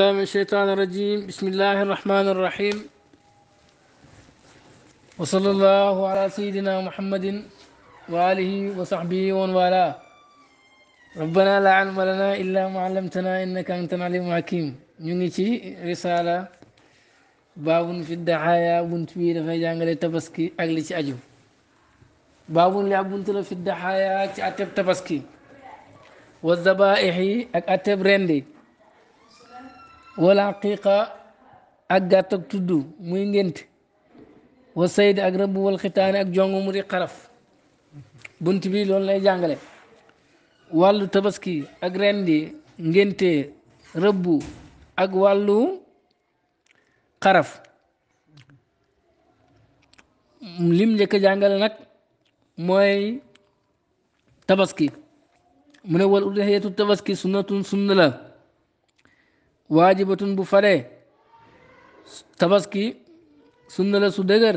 من الشيطان الرجيم بسم الله الرحمن الرحيم وصلى الله على سيدنا محمد وآله وصحبه ومن والاه ربنا لا علم لنا إلا ما علمتنا إنك أنت العليم الحكيم نيجي رسالة باب في الدعاية بنت بي دا فاي جانغالي تبسكي اك لي aju باب لي بنت في الدعاية تي اتب تبسكي والذبائح اك اتب رندي wala aqiqa ak gàtt ak tudd muy ngént wa sayd ak rëbb wal xitaani ak jong mu di xaraf bunt bi loolu lay jàngale wàllu tabaski ak rendi ngénte rëbb ak wàllu xaraf lim njëkk jàngale nag mooy tabaski mu ne wal udhiyatu tabaski sunnatun sunna la waajibatun bu faree tabaski sunna la su dëgër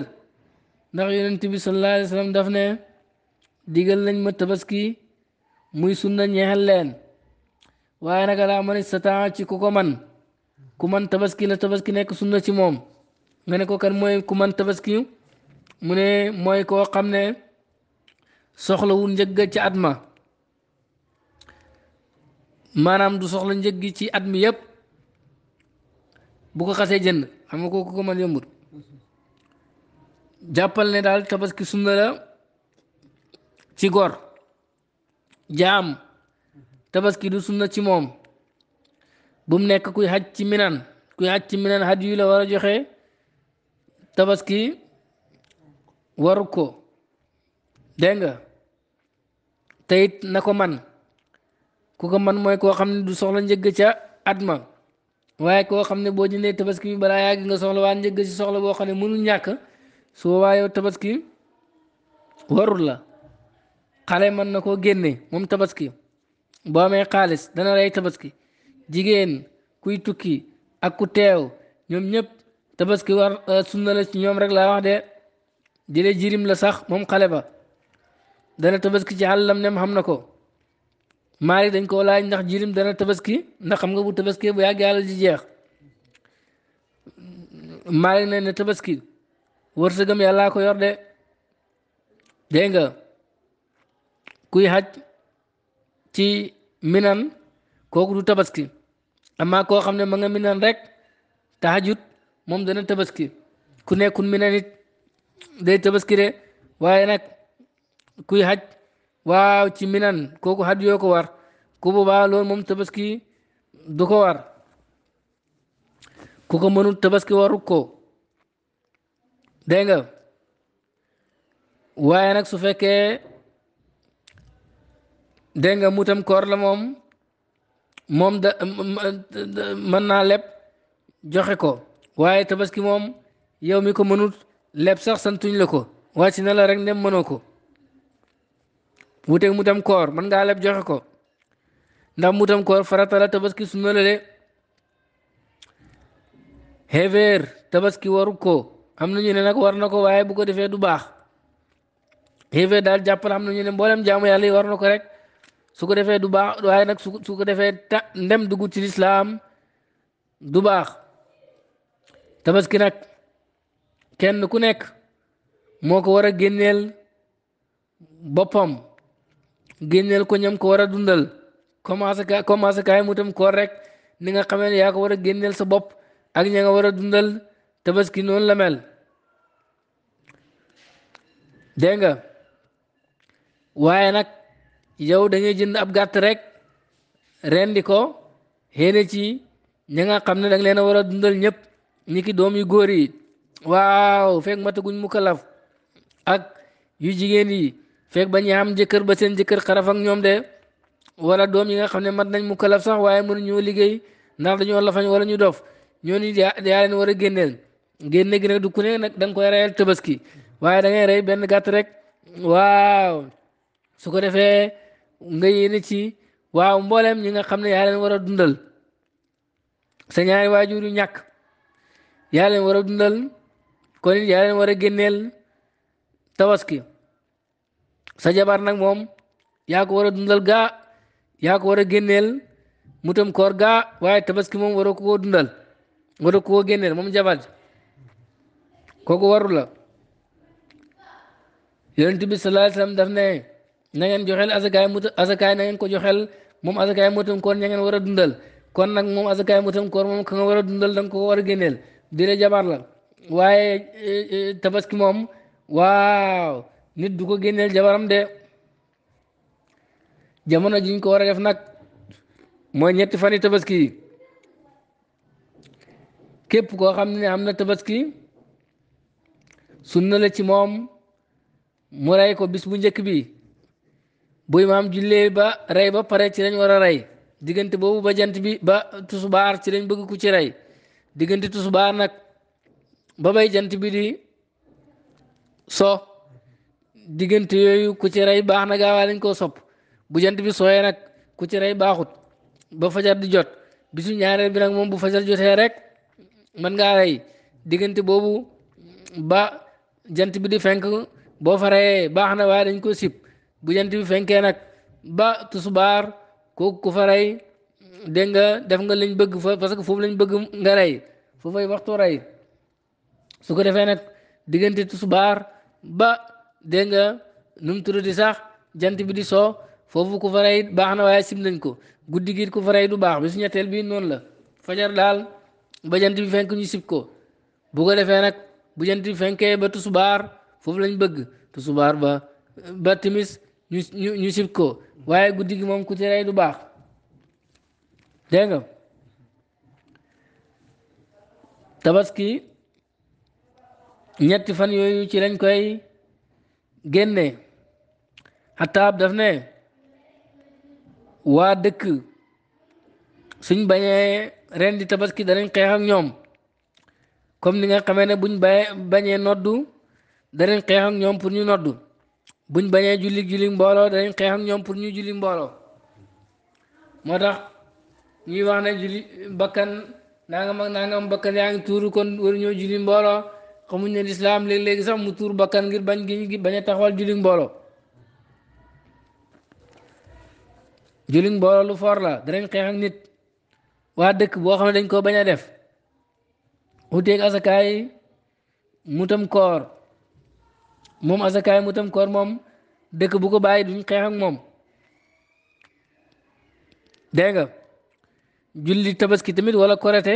ndax yonent bi sallallahu alayhi wa ne digal nañ ma tabaski muy sunna ñeexal leen waaye nag laa man istataa ci ku ko man ku man tabaski la tabaski nekk sunna ci moom nga ne ko kan mooy ku man tabaski mu ne mooy koo xam ne soxlawul njëgg ci at ma maanaam du soxla njëg gi ci at mi yépp bu ko xasee jënd xam nga kooku ko mën yombut jàppal ne daal tabaski sunna la ci gor jaam tabaski du sunna ci moom bu nekk kuy xaj ci minan kuy xaj ci minan xaj yu la war a joxe tabaski waru ko dégg nga te na ko man ku ko man mooy koo xam ne du soxla njëgg ca at waaye koo xam ne boo jëndee tabaski bi balaa yàgg nga soxla waa njëgg si soxla boo xam ne mënul ñàkk su boobaa tabaski warul la xale mën na koo génne moom tabaski boo amee xaalis dana rey tabaski jigéen kuy tukki ak ku teew ñoom ñëpp tabaski war euh, sunna la ñoom rek laa wax de jële jirim la sax moom xale ba dana tabaski ci lam nem xam na ko Maalik dañ koo laaj ndax jirim dana tabaski ndax xam nga bu tabaski bu yàgg yàlla ji jeex Maalik ne ne tabaski wërsëgam yàllaa ko yor de dégg nga kuy xaj ci minan kooku du tabaski amaa koo xam ne ma nga minan rek te moom dana tabaski ku nekkul minan it day tabaski de waaye nag kuy xaj waaw ci minan kooku xaj yoo ko war ko boobaa loolu moom tabaski du ko war ku ko mënul tabaski waru ko denga waaye nag su fekkee dégg nga mu tam koor la moom moom da naa leb joxe ko waaye tabaski moom yow mi ko mënut leb sax santuñ la ko wàcc na la rek ndem mënoo ko wuuteeg mutam koor mën ngaa leb joxe ko ndax mutam koor faratala la tabaski sunna la de xeveer tabaski waru ko am na ñu ne nag war na ko waaye bu ko defee du baax xeveer daal jàpp na am na ñu ne mboolem jaamu yàlla yi war na ko rek su ko defee du baax waaye nag su ko defee ta ndem dugg ci lislaam du baax tabaski nag kenn ku nekk moo ko war a génneel boppam génneel ko ñam ko war a dundal commencé ka commencé ka mu tam koor rek ni nga xamee ne yaa ko war a génneel sa bopp ak ña nga war a dundal tabaski noonu la mel dégg nga waaye nag yow da jënd ab gàtt rek rendi ko xéene ci ña nga xam ne da leen a war a dundal ñëpp ñi ki doom yu góor yi waaw fekk mataguñ mu kalaf ak yu jigéen yi fekk ba ñuy am jëkkër ba seen jëkkër xaraf ak ñoom de wala doom yi nga xam ne mat nañ mu kalaf sax waaye mënuñoo liggéey ndax dañoo lafañ wala ñu dof ñoo yaa leen war a génneel génne gi nag du ku nag da koy reyal tabaski waaye da ngay rey benn gàtt rek waaw ko defee nga yéene ci waaw mboolem ñi nga xam ne yaa war a dundal sa ñaari waajur yu ñàkk yaa leen war a dundal kon yaa leen war a génneel tabaski. sa jabar nag moom yaa ko war a dundal gaa yaa ko war a génneel mutam koor gaa waaye tabaski moom waroo ko dundal waroo ko génneel moom jabar kooku waru la yonent bi sallallahu alayhi wasallam daf ne na ngeen joxel asakaay mut asakaay na ngeen ko joxel moom asakaay mutam koor ña ngeen war a dundal kon nag moom asakaay mutam koor moom ka nga war a dundal danga ko war a génneel dire jabar la waaye eh, eh, tabaski moom waaw نت دکو گے جم دے جما نجنا فانی مم مرائے کو بیس بن جک بھی بو مام جل پے چرے ورارے دیگنتی ببو بھائی جان بار چرے بگو کو چیرائی دیگنٹی ٹس بار ناکی جانتی diggante yooyu ku ci baax na gaawaa lañ koo sopp bu jant bi sooyee nag ku ci rey baaxut ba fajar di jot bisu ñaareel bi nag moom bu fajar jotee rek mën nga rey diggante boobu ba jant bi di fenk boo fa baax na waaye dañ ko sib bu jant bi fenkee nag ba tusubaar kooku ku fa rey nga def nga lañ bëgg fa parce que foofu lañ bëgg nga rey foofay waxtu rey su ko defee nag diggante tusubaar ba dégg nga nu mu tuddati sax jant bi di soo foofu ku faray baax na waaye sim nañ ko guddi gi ku faray du baax bisu ñetteel bii noonu la fajar daal ba jant bi fenk ñu sib ko bu ko defee nag bu jant bi fenkee ba tusubaar foofu lañ bëgg tusubaar ba ba timis ñu sib ko waaye guddi gi moom ku ci rey du baax dégg nga tabaski ñetti fan yooyu ci lañ koy. génne xataab def ne waa dëkk suñ bañee ren di tabaski danañ xeex ak ñoom comme ni nga xamee ne buñ bañee noddu darañ xeex ak ñoom pour ñu noddu buñ bañee julli julli mbooloo danañ xeex ak ñoom pour ñu julli mbooloo moo tax ñuy wax ne julli bakkan nangam ak nangam bakkan yaa ngi tuuru kon waruñoo julli mbooloo xamuñ ñu l'islam leg leg sax mu tour bakkan ngir bañ gi baña taxawal julli mbolo julli mbolo lu for la dañ xex ak nit wa dekk bo xamne dañ ko baña def uteeg azakaay mutam koor mom azakaay mutam koor mom, dekk bu ko baye duñ xex ak mom dégg julli tabaski tamit wala korete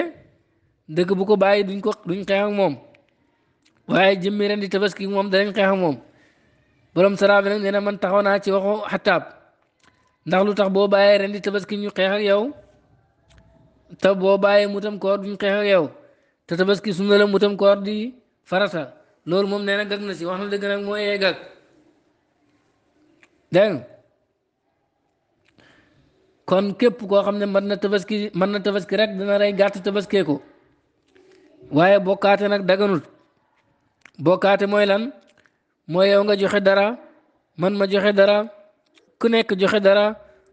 dekk bu ko baye duñ ko duñ xex ak mom waaye jëmmi ren di tabaski moom danañ xeex ak moom borom saraa bi nag na man taxaw naa ci waxu xataab ndax lu tax boo bàyyee ren di tabaski ñu xeex ak yow te boo bàyyee mutam koor duñ xeex ak yow te tabaski sunna mu mutam koor di farata loolu moom nee na gag na si wax na dëgg nag gag dégg kon képp koo xam ne mën na tabaski mën na tabaski rek dana rey gàtt tabaskee ko waaye bokkaate nag daganut bokkaate mooy lan mooy yow nga joxe dara man ma joxe dara ku nekk joxe dara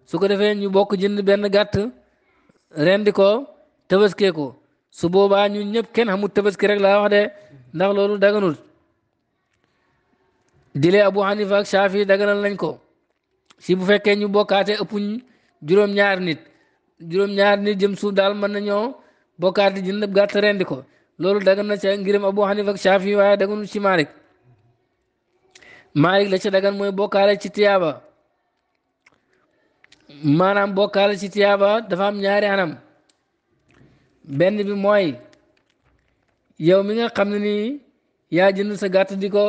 su ko defee ñu bokk jënd benn gàtt rendi ko tabaskee ko su boobaa ñun ñëpp kenn xamul tabaski rek laa wax de ndax loolu daganul dile abu hanifa ak shaafi daganal nañ ko si bu fekkee ñu bokkaate ëppuñ juróom-ñaar nit juróom-ñaar nit jëm suuf daal mën nañoo bokkaate jënd gàtt rendi ko loolu dagan na ca ngiram Abu Hanifa ak Shafi waaye daganul ci Malik Malik la ca dagan mooy bokkaale ci tiyaaba maanaam bokkaale ci tiyaaba dafa am ñaari anam benn bi mooy yow mi nga xam ne nii yaa jënd sa gàtt di ko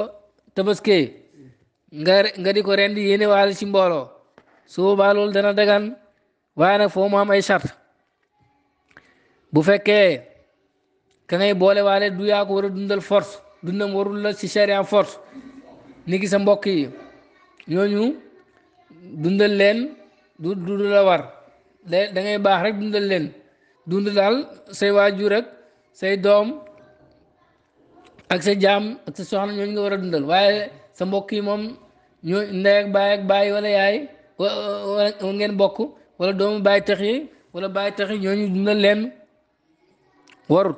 tabaske nga di ko rendi yéene waale ci mbooloo su boobaa loolu dana dagan waaye nag foo ay charte bu fekkee ka ngay boole waale du yaa ko war a dundal force dundam warul la si charia force ni ki sa mbokk yi ñooñu dundal leen du war da ngay baax rek dundal leen dund daal say waajur ak say doom ak sa jaam ak ñooñu nga war a dundal waaye sa mbokk yi moom ñoo ak baay ak baay wala yaay wala ngeen bokk wala doomu baay tax yi wala baay tax yi ñooñu dundal leen warut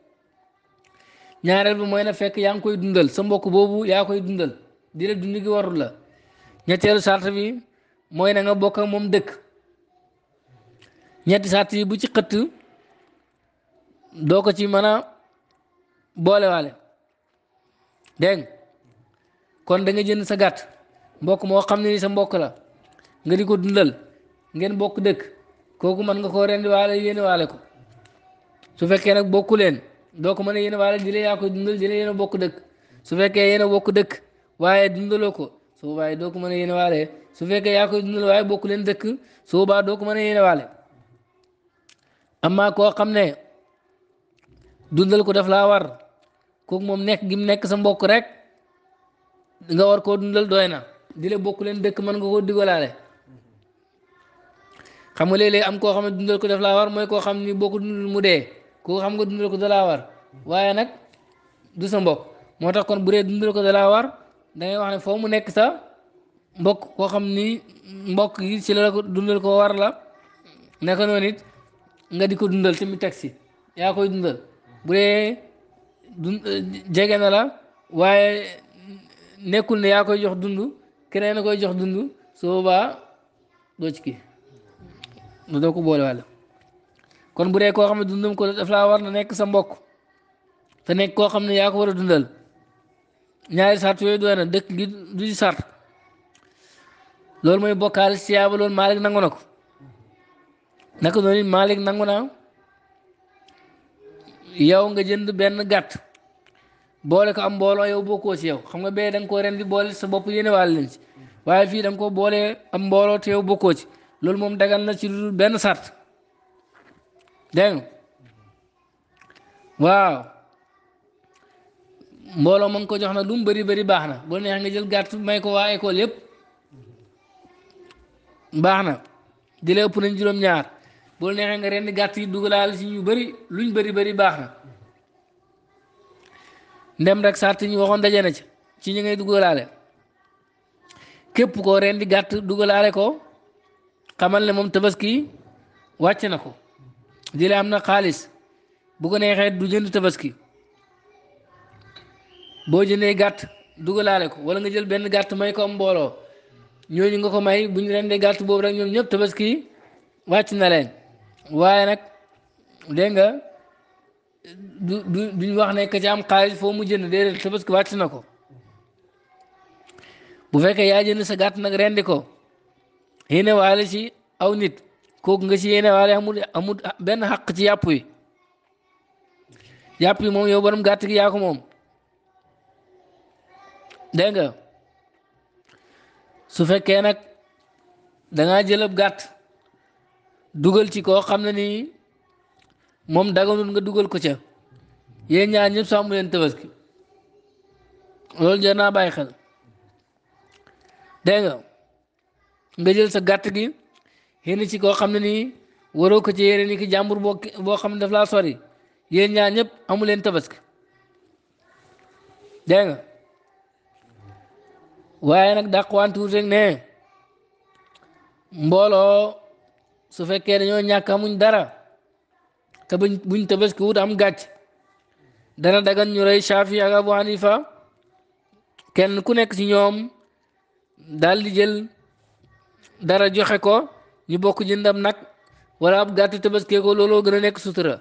ñaareel bi mooy na fekk yaa ngi koy dundal sa mbokk boobu yaa koy dundal di la dund gi warul la ñetteelu sart bi mooy na nga bokk moom dëkk ñetti sart yi bu ci xëtt doo ko ci mën a boolewaale dégg kon danga jënd sa gàtt mbokk moo xam ne ni sa mbokk la nga di ko dundal ngeen bokk dëkk kooku mën nga koo rendi waale yéene waale ko su fekkee nag bokku leen doo ko mën a yéen waale di la yaa koy dundal di la bokk dëkk su fekkee yéen bokk dëkk waaye dundaloo ko su boobaa doo ko mën a yéen waale su fekkee yaa dundal waaye bokk leen dëkk su doo ko mën a yéen waale amaa koo xam ne dundal ko daf laa war kooku moom nekk gi nekk sa mbokk rek nga war koo dundal doy na di la bokk leen dëkk mën nga koo digalaale xam nga léeg-léeg am koo xam ne dundal ko daf laa war mooy koo xam ni bokk ko dundal mu dee koo xam nga dundal ko dalaa war waaye nag du sa mbok moo tax kon bu dee dundal ko dalaa war da wax ne foo mu nekk sax mbokk koo xam ni mbokk yi ci ko dundal koo war la naka noonu nga di ko dundal tamit taxi yaa koy dundal bu jege na la waaye nekkul ne yaa koy jox dund keneen na koy jox dundu su boobaa doo ci kii doo ko boole wàll kon bu dee koo xam ne dundam ko daf laa war na nekk sa mbokk te nekk koo xam ne yaa ko war a dundal ñaari sart yooyu doy na du sart loolu mooy bokkaale siyaaba loolu Malick nangu na ko naka noonu it Malick nangu naa yow nga jënd benn gàtt boole ko am mbooloo yow bokkoo ci yow xam nga bee da nga koo ren di boole sa bopp yéene wàll leen ci waaye fii da nga boole am mbooloo te yow bokkoo ci loolu moom dagal na ci lu benn sart. dégg waaw mbooloo ma nga ko jox na lu bari bari baax na bu neex nga jël gàtt may ko waa école yëpp baax na di la ëpp nañ juróom-ñaar boo neexee nga ren gàtt yi dugalaal si ñu bari luñ bari bari baax na ndem rek sart ñu waxoon daje na ci ci ñi ngay dugalaale képp ko ren di gàtt dugalaale ko xamal ne moom tabaski wàcc na ko jële am na xaalis bu ko neexee du jënd tabaski boo jëndee gàtt laale ko wala nga jël benn gàtt may ko am mbooloo ñooñu nga ko may bu ñu rendee gàtt boobu rek ñoom ñëpp tabaski wàcc na leen waaye nag dégg nga du du duñ wax ne ka am xaalis foo mu jënd déedéet tabaski wàcc na ko bu fekkee yaa jënd sa gàtt nag rendi ko yéene waale ci aw nit koog nga si yéene waale amul amul benn xaq ci yàpp yi yàpp yi moom yow borom gàtt gi yaa ko moom dégg nga su fekkee nag dangaa jëlab gàtt dugal ci koo xam ne nii moom daganul nga dugal ko ca yéen ñaar ñëpp sàmm leen tabaski loolu jar naa bàyyi xel dégg nga nga jël sa gàtt gi xénn ci koo xam ne ni waroo ko ci yére ni ki jàmbur boo boo xam ne daf laa sori yéen ñaar ñëpp amu leen tabaski dégg nga waaye nag dàqwantuur rek ne mbooloo su fekkee dañoo ñàkk amuñ dara te buñ buñ tabaski wut am gàcc dana dagan ñu rey Shaafi ak Abu kenn ku nekk ci ñoom daal di jël dara joxe ko ñu bokk jëndam nag wala ab gàtt tabaskee ko looloo gën a nekk sutura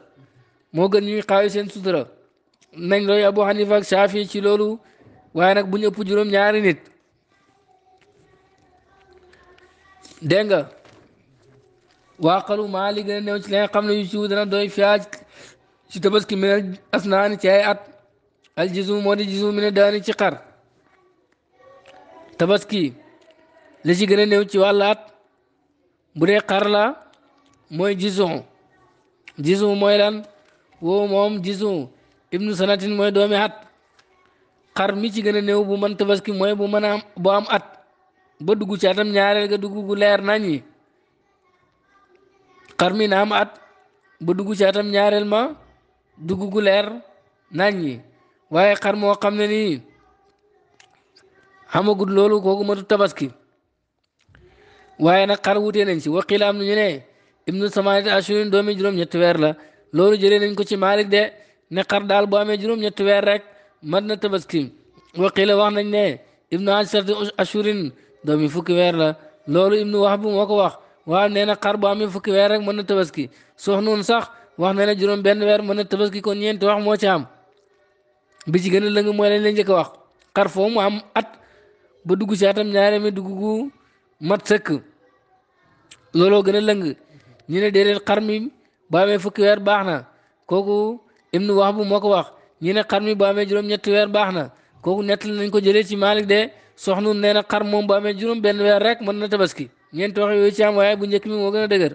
moo gën ñuy xaawi seen sutura nañ looy Abu Hanifa ak ci loolu waaye nag bu ñëpp juróom-ñaari nit dégg nga waaqalu maa li gën a néew ci li nga xam ne yu ci wu dana doy fiyaaj ci tabaski mi ne asnaani ci ay at al jisu moo di jisu mi ne ci xar tabaski li ci gën a néew ci wàll at bu dee xar la mooy jison jison mooy lan woo moom jison ibnu sanatin mooy doomi at xar mi ci gën a néew bu mën tabaski mooy bu mën a am bu am at ba dugg ci atam ñaareel ga dugg gu leer naññi xar mi na am at ba dugg ci atam ñaareel ma dugg gu leer naññi waaye xar moo xam ne nii xamagut loolu kooku matu tabaski waaye nag xar wutee nañ si waqila am na ñu ne ibnu samaanati ashurin doomi juróom-ñetti weer la loolu jëlee nañ ko ci Malik de ne xar daal boo amee juróom-ñetti weer rek mat na tabaski waqila wax nañ ne ibnu asharti ashurin doomi fukki weer la loolu ibnu bu moo ko wax waaw nee na xar boo amee fukki weer rek mën na tabaski soxnuun sax wax na ne juróom benn weer mën na tabaski kon ñeenti wax moo ci am bi ci gën a lëng mooy lañ la njëkk wax xar mu am at ba dugg ci atam dugg gu mat sëkk looloo gën a lëng ñu ne déedéet xar mi bu amee fukki weer baax na kooku nu wax bu moo ko wax ñu ne xar mi bu amee juróom-ñetti weer baax na kooku nettali nañ ko jëlee ci Malick de soxna nee na xar moom bu amee juróom benn weer rek mën na tabaski ñeent wax yooyu ci am waaye bu njëkk mi moo gën a dëgër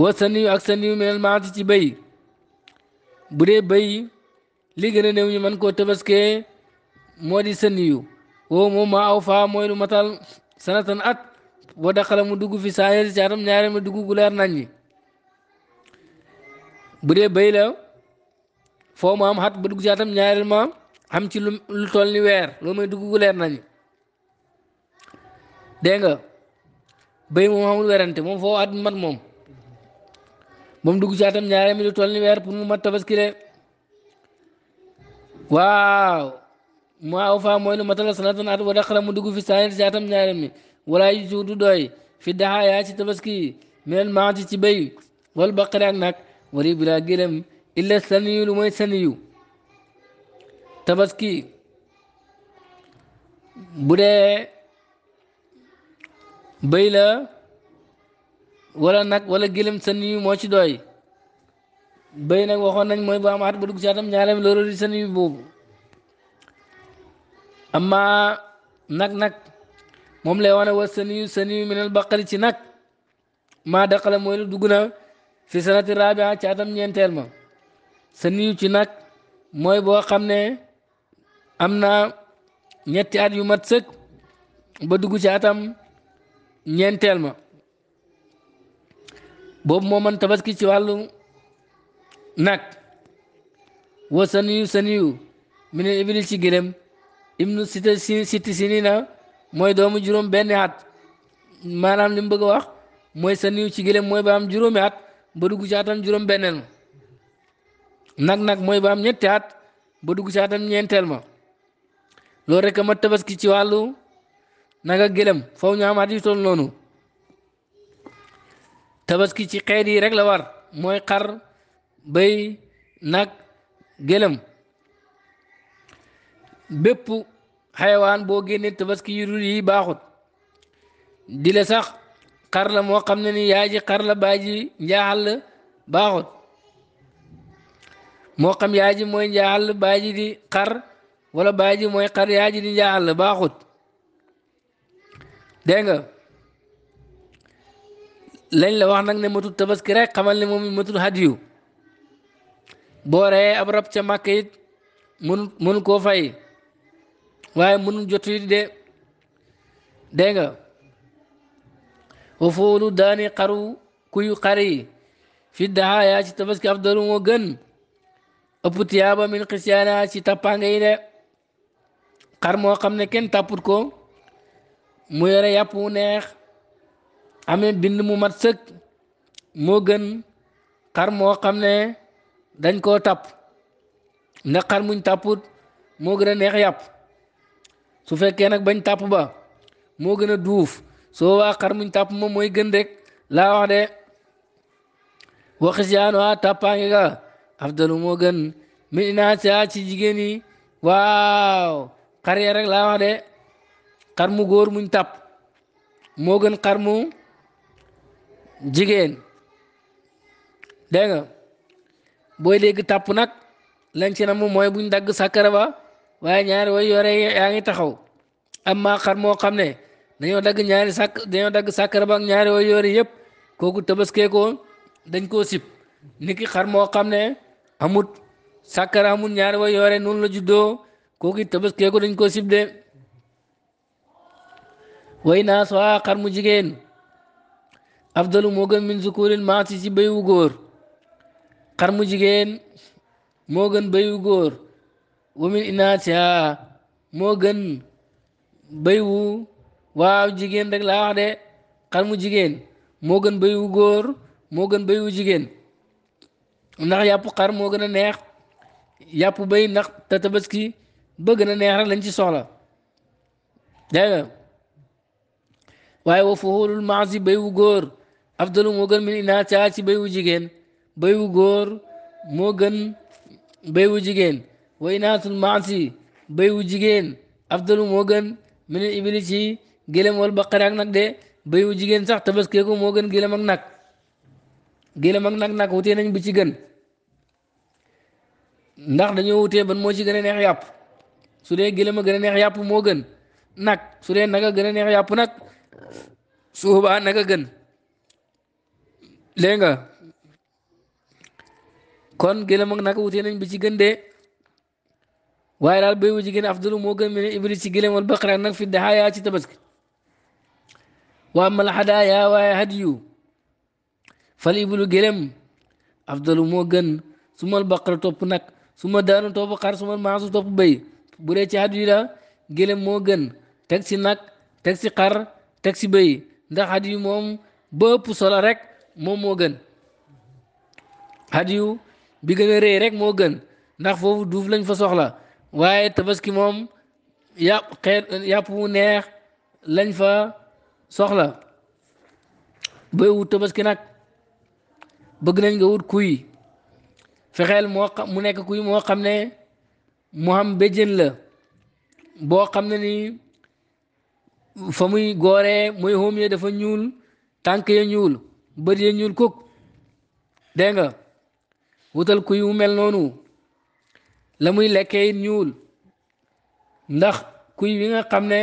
wa saniyu ak saniyu minal maati ci bay bu dee bay li gën a néew ñu mën koo tabaskee moo di saniyu woowu moom maa aw faa mooy lu matal sanatan at boo daxala mu dugg fi saa yéen si atam ñaareel ma dugg gu leer nañ ñi bu dee béy la foo ma am xat ba dugg si atam ñaareel ma am ci lu lu toll ni weer loolu mooy dugg gu leer nañ ñi nga béy moom amul werante moom foo at mat moom moom dugg si atam ñaareel mi lu toll ni weer pour mu mat tabaski de waaw mu aw faa mooy lu matal sanatan at boo daxala mu dugg fi saa yéen si atam ñaareel mi. wala yu suudu doy fi daxaayaa ci tabaski minel maati ci bay wal baqari ak nag wali bilaa gélem illa saniyu lu mooy saniyu tabaski bu dee béy la wala nag wala gélem saniyu moo ci doy bay nag waxoon nañ mooy bu am at bu dugg ci saniyu boobu amma nag nag moom lay wane wa saniyu saniyu min al baqari ci nag maa daqala mooy lu dugg na fi sanati rabia ci atam ñeenteel ma saniyu ci nag mooy boo xam ne am naa ñetti at yu mat sëkk ba dugg ci atam ñeenteel ma boobu moo man tabaski ci wàllu nag wa saniyu saniyu min al ibil ci gëlëm ibnu sita siti sinina mooy doomu juróom benni at maanaam lim mu bëgg a wax mooy sa niw ci gëlëm mooy ba am juróomi at ba dugg ci juróom benneel ma nag nag mooy ba am ñetti at ba dugg ci ñeenteel ma loolu rek ma tabaski ci wàllu naga gëlëm foofu ñu am at toll noonu tabaski ci xeet yi rek la war mooy xar béy nag gëlëm bépp xayawaan boo génnee tabaski yu yi baaxut dila sax kar la moo xam ne ni yaay ji xar la baay ji njaaxal la baaxut moo xam yaay ji mooy njaaxal la baay di xar wala baaji mooy xar yaay ji di njaaxal la baaxut dégg nga lañ la wax nag ne matul tabaski rek xamal ne moom matul hadiyu boo reyee ab rab ca màkk it mënu mënu koo fay waaye mënul jottali de dégg nga wafoolu daani xaru kuy xari fi daaya ci tabaski afdalu moo gën ëpp tiyaaba min xisyaana ci tappaange yi de xar moo xam ne kenn tàpput ko mu yore yàpp wu neex amee bind mu mat sëkk moo gën xar moo xam ne dañ koo tàpp ndax xar muñ tàpput moo gën a neex yàpp su fekkee nag bañ tàpp ba moo gën a duuf soo waa xar muñ tàpp moom mooy gën rek laa wax de waxis yaan waa tàppaange ga afdalu moo gën min inaasia ci jigéen yi waaw xar ya mu muñ tàpp moo gën xar mu jigéen dégg nga booy léegi tàpp nag lañ ci na mu mooy buñ dagg sàkkara ba وائ یا کوئی نو خرمجگین ابد الگور خرمجگین موغن بھئی wamin inaatiha moo gën baywu waaw jigéen rek laa de xar mu jigéen moo gën baywu góor moo gën baywu jigéen ndax yàpp xar moo gën a neex yàpp bay ndax te tabaski ba gën a neex rek lañ ci soxla waaye wa fuxulul maasi baywu góor afdalu moo gën min inaatiha ci baywu jigéen baywu góor moo gën baywu jigéen way naatul maasi bay wu jigéen afdalu moo gën min al ibili ci gëlëm wal baqara ak nag de bay wu jigéen sax tabaskee ko moo gën gëlëm ak nag gëlëm ak nag nag wutee nañ bu ci gën ndax dañoo wutee ban moo ci gën a neex yàpp su dee gëlëm a gën a neex yàpp moo gën nag su dee nag gën a neex yàpp nag su boobaa nag a gën léegi nga kon gëlëm ak nag wutee nañ bu ci gën de waaye daal béy wu jigéen afdalu moo gën mel ne ci gëlëm wal baqara nag fi daxaayaa ci tabaski waa mal xadaaya waaye hadiyu fal iblu gëlëm afdalu moo gën su mal baqara topp nag su ma daanu topp xar su ma maasu topp bay bu dee ci hadiyu la gëlëm moo gën teg si nag teg si teg si béy ndax hadiyu moom ba ëpp solo rek moom moo gën hadiyu bi gën a rëy rek moo gën ndax foofu duuf lañ fa soxla. waaye tabaski moom yàpp yàpp wu neex lañ fa soxla booy wut tabaski nag bëgg nañ nga wut kuy fexeel moo mu nekk kuy moo xam ne mu am béjjën la boo xam ne ni fa muy gooree muy xóom dafa ñuul tànk ya ñuul bët ya ñuul kuk dégg nga wutal kuy wu mel noonu la muy lekkee ñuul ndax kuy wi nga xam ne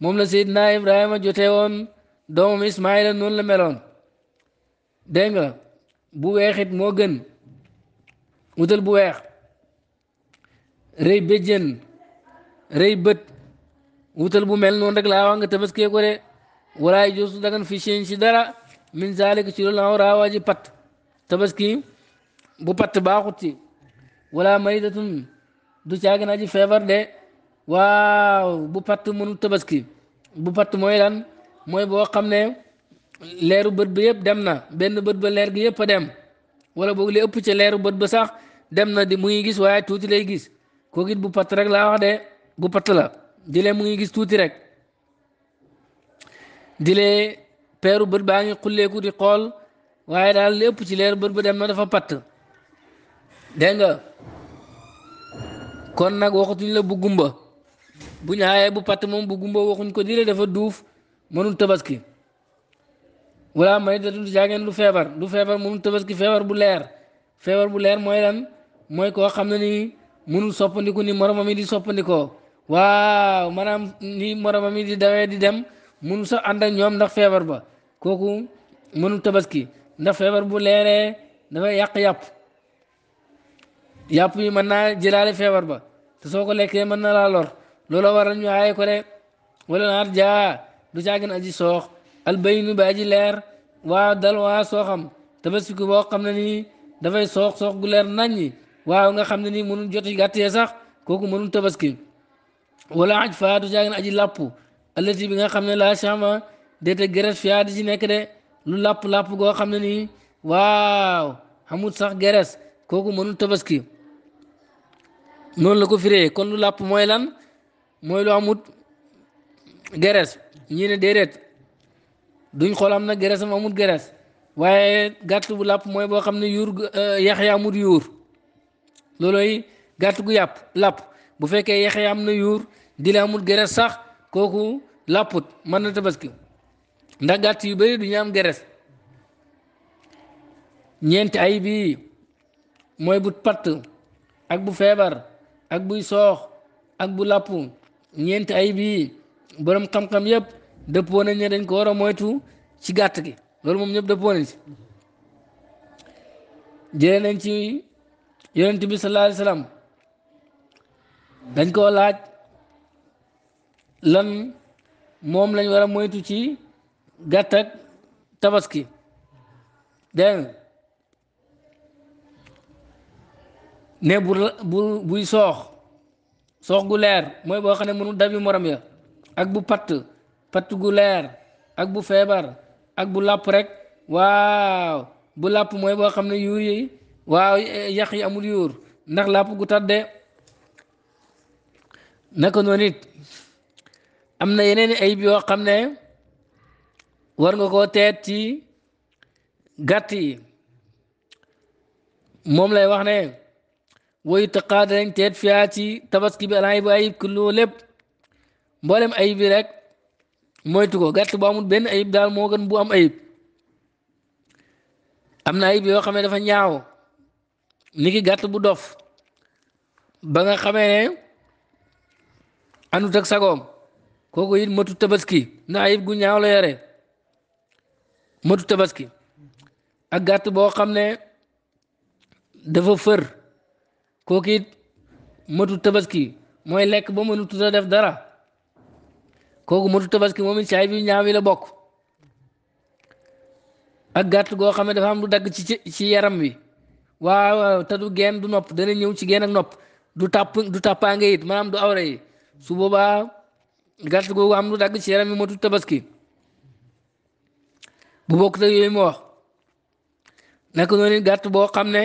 moom la Seydina Ibrahima jotee woon doomam Ismaïla noonu la meloon dégg bu weexit moo gën wutal bu weex rëy béjjën rëy bët wutal bu mel noon rek laa wax nga tabaskee ko de walaay joosu dagan fi seen ci dara min zalik ci loolu naa war a pat tabaski bu pat baaxut ci wala maydatun du caagin ji feebar de waaw bu patt mënu tabaski bu patt mooy lan mooy boo xam ne leeru bët ba yëpp dem na benn bët ba leer gi yëpp a dem wala boog li ëpp ca leeru bët ba sax dem na di mu ngi gis waaye tuuti lay gis kooku it bu pat rek laa wax de bu patt la dilee mu ngi gis tuuti rek dilee peeru bët baa ngi xulleeku di xool waaye daal li ëpp ci leeru bët ba dem na dafa patt dégg nga kon nag waxatuñ la bu gumba bu ñu bu patt moom bu gumba waxuñ ko dire dafa duuf mënul tabaski wala may da du jaageen du feebar du feebar mënul tabaski feebar bu leer feebar bu leer mooy ren mooy ko xam ne nii mënul soppandiku ni moromam yi di soppandikoo waaw manaam ni moromam yi di dawee di dem mënul sa ànd ak ñoom ndax feebar ba kooku mënul tabaski ndax feebar bu leeree dafay yàq-yàpp yàpp yi mën naa jëlaale feebar ba te soo ko lekkee mën na laa lor loola waral ñu aaye ko de wala naat jaa du caagin aji soox albaynu ba aji leer waa dal waa sooxam tabasiku boo xam ne nii dafay soox soox gu leer naññi waaw nga xam ne nii mënul joti gàttee sax kooku mënul tabaski wala aj faa du aji làpp bi nga xam ne laa chama déete geres fiaa di nekk de lu làpp làpp goo xam ne nii waaw sax geres kooku mënul tabaski noonu la ko firee kon lu làpp mooy lan mooy lu amut gerees ñii ne déedéet duñ xool am na gereesam amut gerees waaye gàtt bu làpp mooy boo xam ne yuur euh, yax ya amut yuur loolooy gàtt gu yàpp làpp bu fekkee yax ya am na yuur di la amut gerees sax kooku làpput mën na tabaski ndax gàtt yu bari duñu am gerees ñeenti ay bii mooy bu patt ak bu feebar ak buy soox ak bu làpp ñeenti ayib yi borom xam-xam yëpp dëppoo nañ ne dañ ko war a moytu ci gàtt gi loolu moom ñëpp dëppoo nañ ci jëlee nañ ci yeneen bi sallallahu alayhi wasallam dañ koo laaj lan moom lañ war a moytu ci gàtt ak tabaski dégg ne bu bu buy soox soox gu leer mooy boo xam ne mënu dabi morom ya ak bu patt pat gu leer ak bu feebar ak bu lapp rek waaw bu làpp mooy boo xam ne yuur yi waaw yax yi amul yuur ndax làpp gu tàdde naka noonu it am na yeneen ayib yoo xam ne war nga koo teet ci gàtt yi moom lay wax ne woyu taqaada dañ teet fiyaa ci tabaski bi alaay bu ayib kulloo lépp mboolem ayib rek moytu ko gàtt bu amul benn ayib daal moo gën bu am ayib am na ayib yoo xam ne dafa ñaawo ni ki bu dof ba nga xamee ne anut ak sagoom kooku it matu tabaski na ayib gu ñaaw la yore matu tabaski ak gàtt boo xam ne dafa fër kooku it matu tabaski mooy lekk boo mënu tuta def dara kooku matu tabaski moom it caay bi ñaaw yi la bokk ak gàtt goo xam ne dafa am lu dagg ci ci yaram wi waaw te du geen du nopp dana ñëw ci geen ak nopp du tàpp du tàppaange it maanaam du awra yi su boobaa gàtt googu am lu dagg ci yaram wi matu tabaski bu bokk te yooyu mu wax naka noonu boo xam ne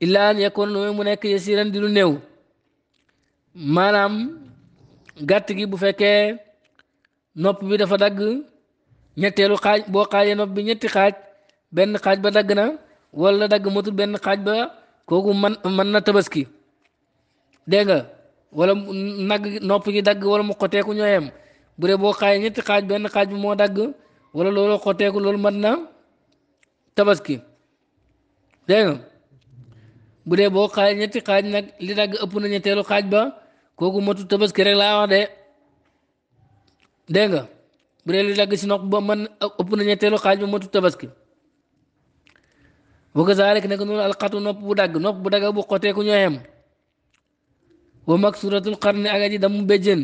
illaa an yakun mu nekk yasiran di lu new maanaam gàtt gi bu fekkee nopp bi dafa dagg ñetteelu xaaj boo xaajee nopp bi ñetti xaaj benn xaaj ba dagg na wala dagg matul benn xaaj ba kooku man mën na tabaski dégg nga wala nag nopp gi dagg wala mu xoteeku ñooyam bu dee boo xaajee ñetti xaaj benn xaaj bi moo dagg wala loolu xoteeku loolu mën na tabaski dégg bu dee boo xaaj ñetti xaaj nag li dagg ëpp na ñetteelu xaaj ba kooku matu tabaski rek laa wax de dégg nga bu dee li dagg si noq ba man ëpp na ñetteelu xaaj ba matu tabaski wa kazalik nekk noonu alxatu nopp bu dagg nopp bu dagg bu xoteeku ñoo yem wa maksuratul xarni ak aji damu béjjén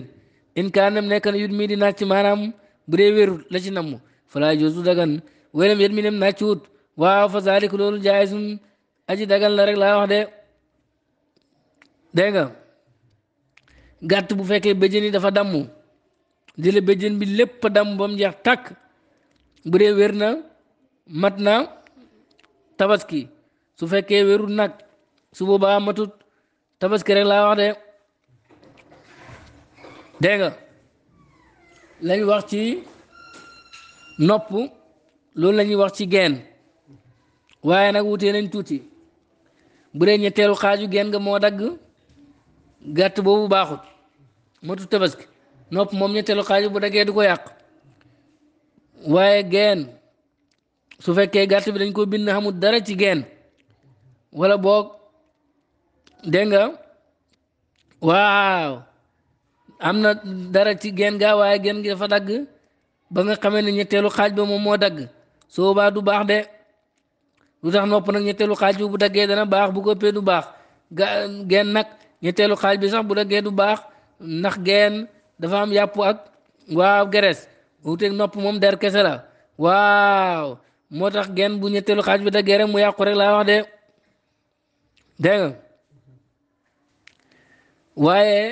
in kaanam nekk na yut mii di naaj ci maanaam bu dee wérut la ci namm falaa joosu dagan wéram yët mi nem naaj wut waaw fa zalik loolu jaaysun aji dagal la rek laa wax de dégg nga gàtt bu fekkee béjjën yi dafa damm di la béjjën bi lépp damm ba mu jeex tàkk bu dee wér na mat na tabaski su fekkee wérul nag su boobaa matut tabaski rek laa wax de dégg nga wax ci nopp loolu la ñuy wax ci geen waaye nag wutee nañ tuuti bu dee ñetteelu xaaju genn nga moo dagg gàtt boobu baaxut matu tabaski nopp moom ñetteelu xaaju bu daggee du ko yàq waaye gen su fekkee gàtt bi dañ ko bind xamul dara ci geen walla boog dégg nga waaw am na dara ci geen gaa waaye geen gi dafa dagg ba nga xamee ne ñetteelu xaaj ba moom moo dagg soo baa du baax de lu tax nopp nak ñettelu xaaj bu dagge dana baax bu ko pedu du baax ga geen nag ñetteelu bi sax bu dagge du baax nak gen dafa am yap ak waaw geres wuuteeg nopp mom der kese la waaw motax gen bu ñettelu xaaj bi dagge rek mu yaq rek la wax de dégg nga waaye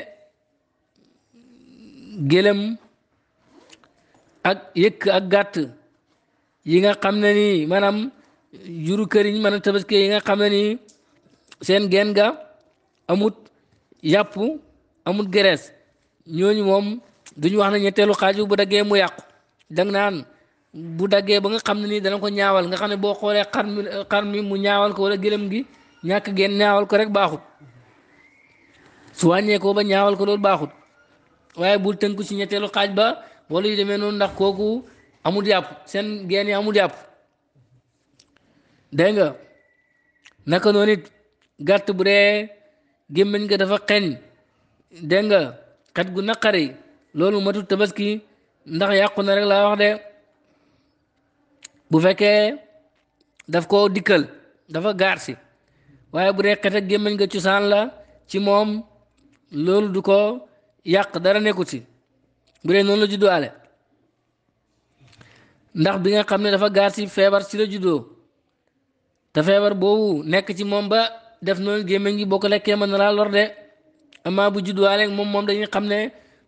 gélem ak yek ak gatt yi nga xamne ni manam juru këriñ mën a tabaski yi nga xam ne ni seen geen ga amut yàpp amut gerees ñooñu moom duñu wax ne ñetteelu xaaj bu daggee mu yàqu dang naan bu daggee ba nga xam ne nii dana ko ñaawal nga xam ne boo xoolee xar mi mu ñaawal ko wala gëlëm gi ñàkk geen ñaawal ko rek baaxut su wàññeekoo ba ñaawal ko loolu baaxut waaye bu tënku ci ñetteelu xaaj ba wala yu demee noonu ndax kooku amut yàpp seen geen yi amut yàpp dégg nga naka noonu it bu dee gémmiñ ga dafa xeeñ dégg nga xet gu naqari loolu matul tabaski ndax yàqu na rek laa wax de bu fekkee daf koo dikkal dafa gaar si waaye bu dee xet gémmiñ nga cosaan la ci moom loolu du ko yàq dara nekku ci bu dee noonu la judduwaale ndax bi nga xam ne dafa gaar si feebar ci la juddoo te feebar boobu nekk ci moom ba def noonu gémmiñ ngi bokk ko lekkee mën na laa lor de amaa bu judduwaale moom moom dañuy xam ne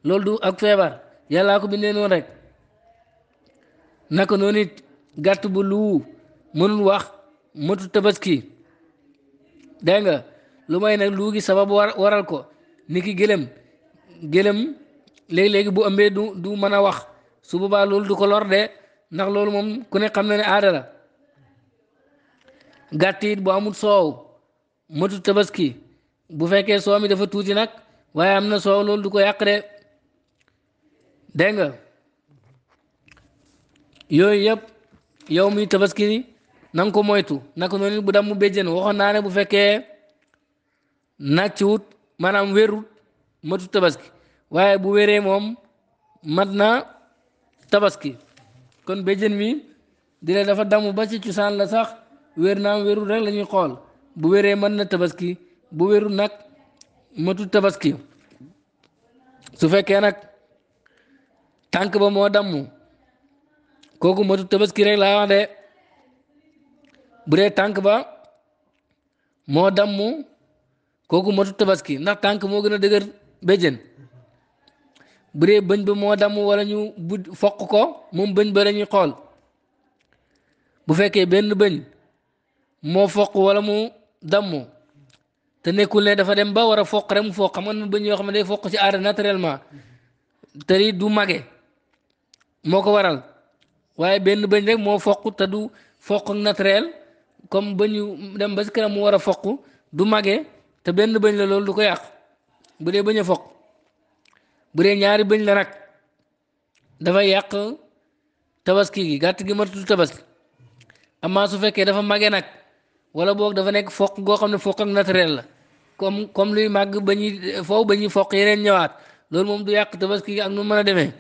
loolu du ak feebar yàllaa ko bindee noonu rek naka noonu it gàtt bu lu mënul wax matu tabaski dégg nga lu may nag lu gi sababu waral ko ni ki gëlëm gëlëm léegi-léegi bu ëmbee du du mën a wax su boobaa loolu du ko lor de ndax loolu moom ku ne xam na ne aada la gàtt bu amul soow matu tabaski bu fekkee soow mi dafa tuuti nag waaye am na soow loolu du ko yàq de dégg yooyu yëpp yow muy tabaski ni na ko moytu ko noonu bu damm béjjën waxoon naa ne bu fekkee nàcciwut maanaam wérut matu tabaski waaye bu wéree moom mat na tabaski kon béjjën mi dina dafa damm ba ci cosaan la sax wér naam wérul rek la ñuy xool bu wéree mën na tabaski bu wérul nag matu tabaski su fekkee nag tànk ba moo dammu kooku matul tabaski rek laa bu dee tànk ba moo damm kooku matul tabaski ndax tànk moo gën a dëgër béjjën bu dee bëñ ba moo damm walla ñu foq ko moom bëñ ba la xool bu fekkee benn bëñ moo foq wala mu damm te nekkul ne dafa dem ba war a foq rek mu foq xam nga ba ñoo xam ne day foq ci aada naturellement te lii du mage moo ko waral waaye benn bëñ rek moo foq te du foq naturel comme ba dem ba mu war a foq du mage te benn bëñ la loolu du ko yàq bu dee bañ a foq bu dee ñaari bëñ la nag dafay yàq tabaski gi gàtt gi matatul tabaski amaa su fekkee dafa mage nag. wala boog dafa nekk foq goo xam ne foq ak naturel la kom comme luy màgg ba ñuy foofu ba ñuy foq yeneen ñawaat loolu moom du yàq tabaski ak nu mën a demee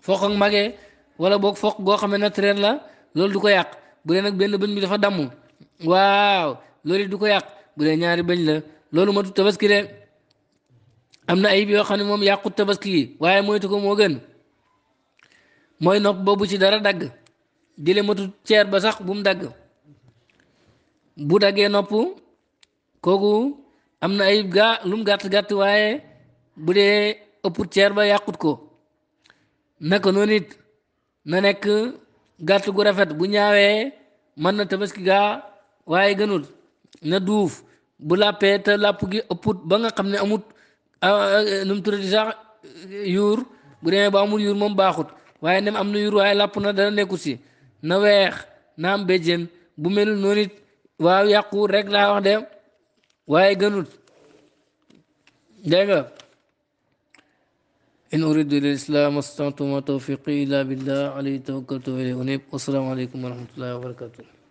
foq ak màggee wala boog foq goo xam ne naturel la loolu du ko yàq bu dee nag benn bëñ bi dafa damm waaw du ko yàq bu ñaari bëñ la loolu matu tabaski de am na ayib yoo xam ne moom yàqut tabaski yi waaye moytu ko moo gën mooy nopp ba bu ci dara dagg jële matu ceer ba sax bu mu dagg. bu daggee nopp kooku am na ay ga lum gàtt gàtt waaye bu dee ëpput ceer ba yàqut ko naka noonu it na nekk gàtt gu rafet bu ñaawee mën na tabaski gaa waaye gënul na duuf bu làppee te làpp gi ëpput ba nga xam ne amut num mu tuddati sax yuur bu demee ba amul yuur moom baaxut waaye nem am na yuur waaye làpp na dara nekkut si na weex na am béjjén bu melul noonu waaw yàquwut rek laa wax dem waaye gënut dégg nga in uridu lil islam astantu ma tawfiqi illa billah alayhi tawakkaltu wa ilayhi unib assalaamu aleykum wa rahmatullahi